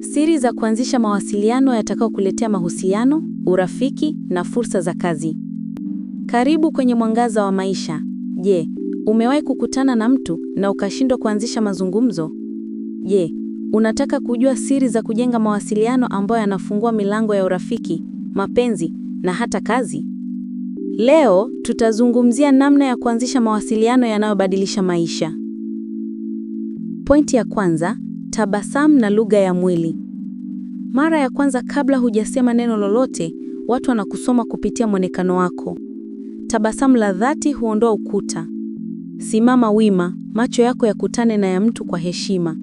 Siri za kuanzisha mawasiliano yatakayokuletea mahusiano, urafiki na fursa za kazi. Karibu kwenye mwangaza wa maisha. Je, umewahi kukutana na mtu na ukashindwa kuanzisha mazungumzo? Je, unataka kujua siri za kujenga mawasiliano ambayo yanafungua milango ya urafiki, mapenzi na hata kazi? Leo tutazungumzia namna ya kuanzisha mawasiliano yanayobadilisha maisha. Pointi ya kwanza, tabasamu na lugha ya mwili. Mara ya kwanza, kabla hujasema neno lolote, watu wanakusoma kupitia mwonekano wako. Tabasamu la dhati huondoa ukuta. Simama wima, macho yako yakutane na ya mtu kwa heshima.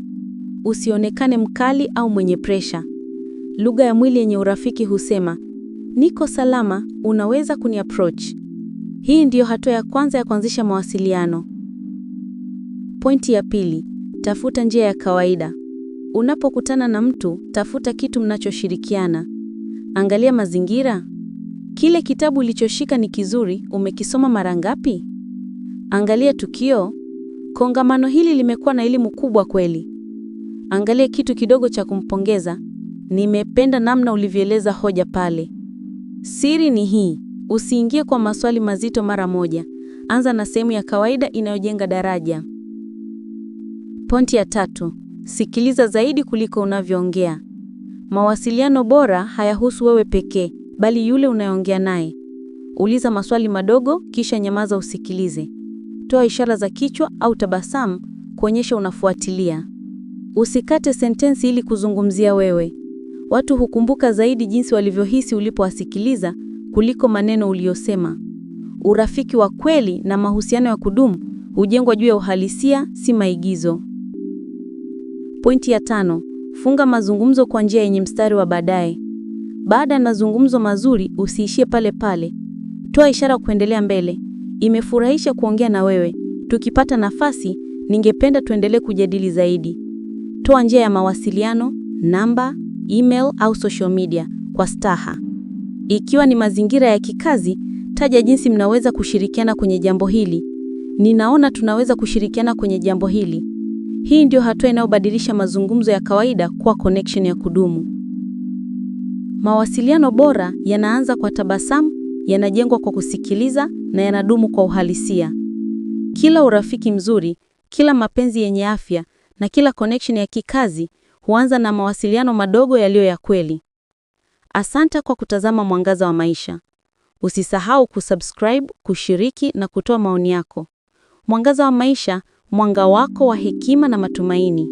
Usionekane mkali au mwenye presha. Lugha ya mwili yenye urafiki husema, niko salama, unaweza kuniapproach. Hii ndiyo hatua ya kwanza ya kuanzisha mawasiliano. Pointi ya pili, tafuta njia ya kawaida. Unapokutana na mtu, tafuta kitu mnachoshirikiana. Angalia mazingira. Kile kitabu ulichoshika ni kizuri, umekisoma mara ngapi? Angalia tukio. Kongamano hili limekuwa na elimu kubwa kweli. Angalia kitu kidogo cha kumpongeza. Nimependa namna ulivyoeleza hoja pale. Siri ni hii, usiingie kwa maswali mazito mara moja. Anza na sehemu ya kawaida inayojenga daraja. Pointi ya tatu. Sikiliza zaidi kuliko unavyoongea. Mawasiliano bora hayahusu wewe pekee, bali yule unayeongea naye. Uliza maswali madogo, kisha nyamaza, usikilize. Toa ishara za kichwa au tabasamu kuonyesha unafuatilia. Usikate sentensi ili kuzungumzia wewe. Watu hukumbuka zaidi jinsi walivyohisi ulipowasikiliza kuliko maneno uliyosema. Urafiki wa kweli na mahusiano ya kudumu hujengwa juu ya uhalisia, si maigizo. Pointi ya tano, funga mazungumzo kwa njia yenye mstari wa baadaye. Baada ya mazungumzo mazuri, usiishie pale pale. Toa ishara kuendelea mbele. Imefurahisha kuongea na wewe. Tukipata nafasi, ningependa tuendelee kujadili zaidi. Toa njia ya mawasiliano, namba, email au social media kwa staha. Ikiwa ni mazingira ya kikazi, taja jinsi mnaweza kushirikiana kwenye jambo hili. Ninaona tunaweza kushirikiana kwenye jambo hili. Hii ndio hatua inayobadilisha mazungumzo ya kawaida kuwa connection ya kudumu. Mawasiliano bora yanaanza kwa tabasamu, yanajengwa kwa kusikiliza na yanadumu kwa uhalisia. Kila urafiki mzuri, kila mapenzi yenye afya na kila connection ya kikazi huanza na mawasiliano madogo yaliyo ya kweli. Asante kwa kutazama Mwangaza wa Maisha. Usisahau kusubscribe, kushiriki na kutoa maoni yako. Mwangaza wa Maisha mwanga wako wa hekima na matumaini.